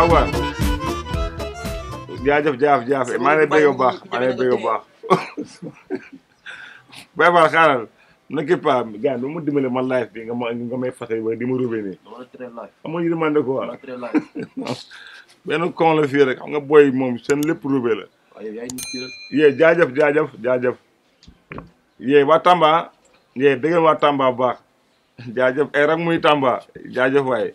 waaw waaw jaajëf jaaf jaaf maa ngi lay bëgg bu baax maa ngi lay bëgg bu baax. bay ba xaaral na kii pa gars nu mu dimbale ma live bi nga ma nga may fàttali ba di ma rubee nii. amoo ñu demandé quoi. benn con la fii rek xam nga booy moom seen lépp rubee la. yee jaajëf jaajëf jaajëf. yee waa Tamba yee dégg waa Tamba bu baax. jaajëf ay eh, rek muy Tamba jaajëf waaye.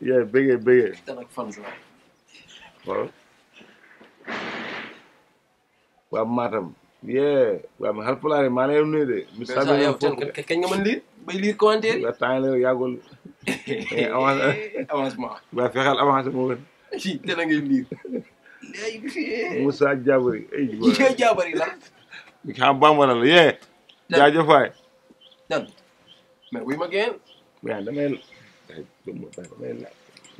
yee bëggee bëggee. waa Matam. yee waa ma Haalpulaar yi maa ngi leen nuyu de. misaal bi yow kañ nga mën lire eh, yee. jaajëf waay. mais wuy ma génn. waaw damay damay laaj.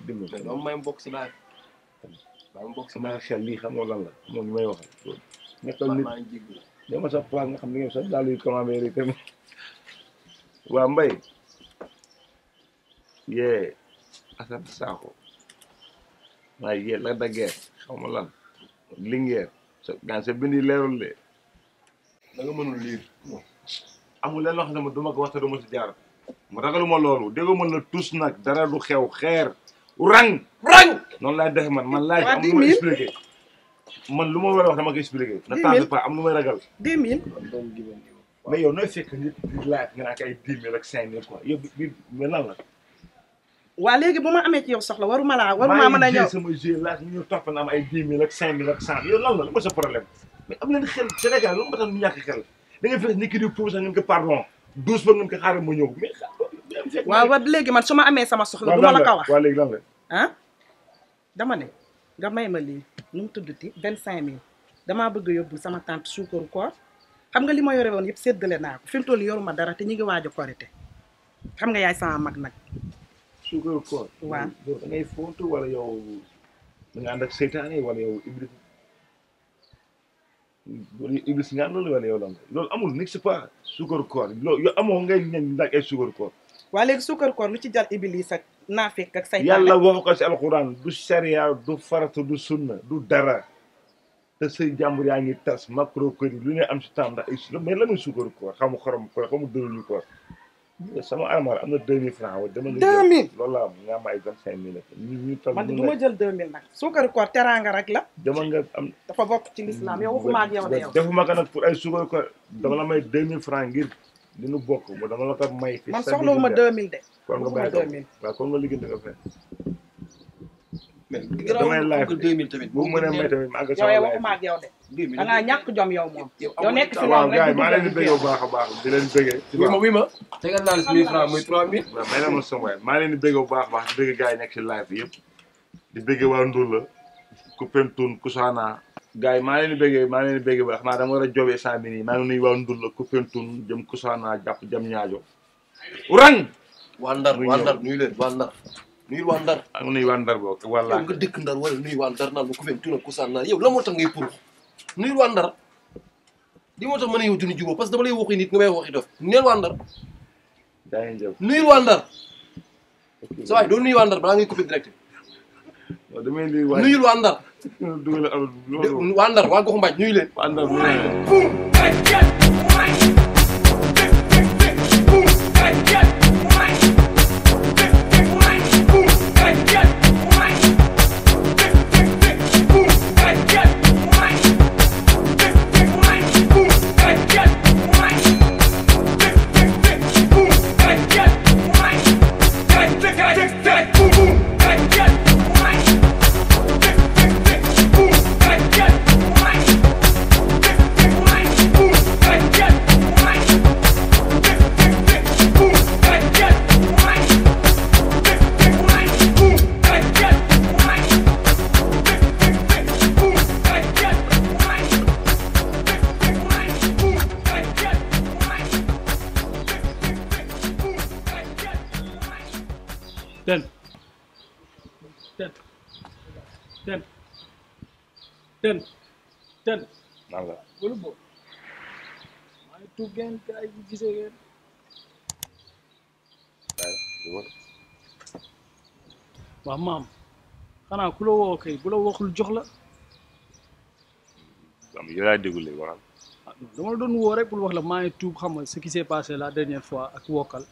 dimbali mais dama may mbokk si laaj. maa ngi bokk si laaj xam nga lan la moom li may wax. nekkal nit dama sax place nga xam ne ngeen sax daal di commandé rek tamit. waa Mbaye. yee Assane Sakho. waaye yee la daggeer xaw ma lan. lingeer. sa gàncax bi ni leerul amul lenn loo xam ne ma du ma ko wax te ma si jaar mu ma loolu dégg mën na tus nag dara du xew xeer rang rang noonu laay def man man laaj am lu ma expliqué man lu ma war a wax dama ko na tardé pas am lu may ragal dix mille mais yow nooy fekk nit di laaj nga naan ko ay dix mille ak yow bi la waa bu ma amee ci yow soxla waruma laa waruma mën a ñëw sama jeu laaj ñu topp na am ay dix mille ak cinq mille ak cent la la ma sa problème mais am leen xel Sénégal lu ma tax ñu ñàkk xel da ngay fexe ni ki di pour sax ngeen ko pardon douze fois ngeen ko xaaral ma ñëw mais. waa ba léegi man su ma amee sama soxla. du ma la ko wax waaw léegi lan ah. dama ne nga may ma lii nu mu ti vingt cinq mille damaa bëgg a sama tante suukaru koor xam nga li ma yore woon yëpp séddale naa ko fi mu toll yoruma dara te ñi ngi waaj a korite xam nga yaay sama mag nag. suukaru koor. waaw wala yow da nga iblis ngaan loolu wala yow la loolu amul n'est-ce pas suukar koor loolu yow amoo ngay ñañ ndax ay suukar koor waa léegi suukar koor lu ci jar iblis ak naafik ak say yàlla waxu ko si alxuraan du sariya du farata du sunna du dara te say jàmbur yaa ngi tas macro kër yi lu ne am si temps ndax ay mais la muy suukar koor xamu xorom koor xamu dëluñu koor sama armoire am na deux mille francs wa dama deux mille loolu la am nga am ay vingt cinq mille ñu toog jël deux mille nag suukar koor teraanga rek la dama nga am dafa bokk ci lislaam yow waxuma ak yow de yow defuma ko nag pour ay suukar koor dama la may deux mille francs ngir li nu bokk dama la ko may man soxlawuma deux mille de kon nga bàyyi waaw kon nga mais damay a mais deux bu mu mënee may tamit ma àgg a laaj yow waxuma ak yow de. da maa leen di bëggee bu baax a baax di leen bëggee. ci ma wi ma. la si mille francs ma sama waay maa leen di bëggee bu baax a baax di bëggee gars yi nekk si live di bëggee waa Ndula ku Pentoun Kousana. gars yi maa leen di bëggee maa leen di bëggee ba xanaa dama war a jobee cent yi maa ngi nuyu waa Ndula ku Pentoun jëm Kousana jàpp jëm ñaajo. Rang. nuyu waa Ndar. nuyu waa Ndar boobu wala. yow nga dëkk Ndar wala nuyu waa Ndar naan ma ku fekk tuuna kusaan naan yow la moo tax ngay pour nuyu waa Ndar li moo tax mën a yow duñu jubóo parce que dama lay waxi nit nga may waxi dof neel waa Ndar. jaay njëw nuyu waa Ndar. sa waay doo nuyu waa Ndar balaa ngay coupé direct. waaw damay nuyu waa nuyul waa Ndar. dugal waa Ndar waa goxu mbaaj nuyu leen. waa Ndar ten ten ten ten ten naan la maa ngi tudd ngeen gars yi gisee ngeen waaw maam xanaa ku la woo kay bu la waxul jox la am ah, dama la doon woo rek pour wax la maa ngi tuub xam nga ce qui s'est passé la dernière fois ak wokal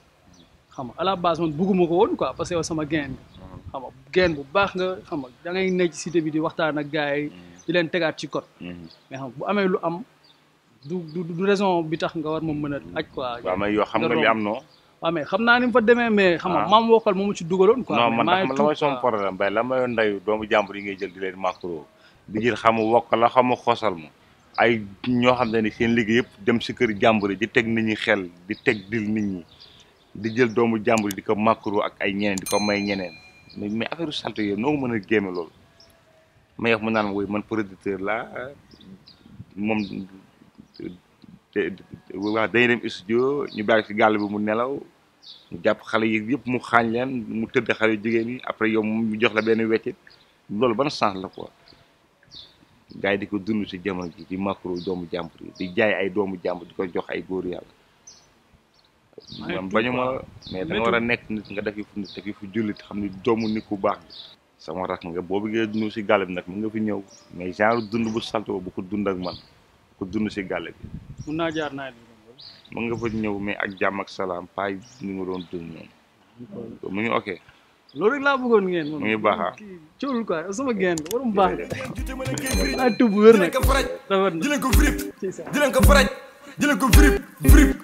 xam nga à la base bugguma ko woon quoi parce que yow sama gain mm-hmm. bu baax nga xam nga da ngay nekk bi di waxtaan ak gars mm-hmm. di leen tegaat ci code mm-hmm. mais xam bu amee lu am du du raison bi tax nga war ma mën a aj quoi waaw mais yoo xam nga li am noo waaw mais xam naa ni mu fa demee mais xam nga ah. maam wokkal moomu ci dugaloon quoi non man man la may son problème bay la mayoon ndayu doomu jàmbur yi ngay jël di leen macro di jël xamu wokk la xamu xosal ma ay ñoo xam ne ni seen liggéey yëpp dem si kër jàmbur yi teg nit ñi xel di teg dil nit ñi di jël doomu jàmbur di ko màkkuru ak ay ñeneen di ko may ñeneen mais mais affaire salte yooyu noo mën a gémme loolu may wax mu naan woy man producteur la moom waaw dañuy dem studio ñu bàyyi ci gàll bi mu nelaw ñu jàpp xale yi yëpp mu xaañ leen mu tëdd xale jigéen yi après yow mu jox la benn weccit loolu ban sens la ko gars yi di ko dund ci jamono ji di màkkuru doomu jàmbur yi di jaay ay doomu jàmbur di ko jox ay góor yàlla man bañu mais da war a nekk nit nga def fu nit def fu jullit xam ni doomu nit ku baax bi sama rakk nga boo bëggee dund si gàlle bi nag mën nga fi ñëw mais genre dund bu salto bu ko dund ak man bu dund si gàlle bi mun naa jaar naa mën nga fa ñëw mais ak jàmm ak salaam pay ni dund ñoom mu ngi ok loolu rek laa bëggoon ngeen moom mu ngi baax ah coolul quoi sama geen warum baax nga tub wér nag rafet na ko frip jëleen ko ko frip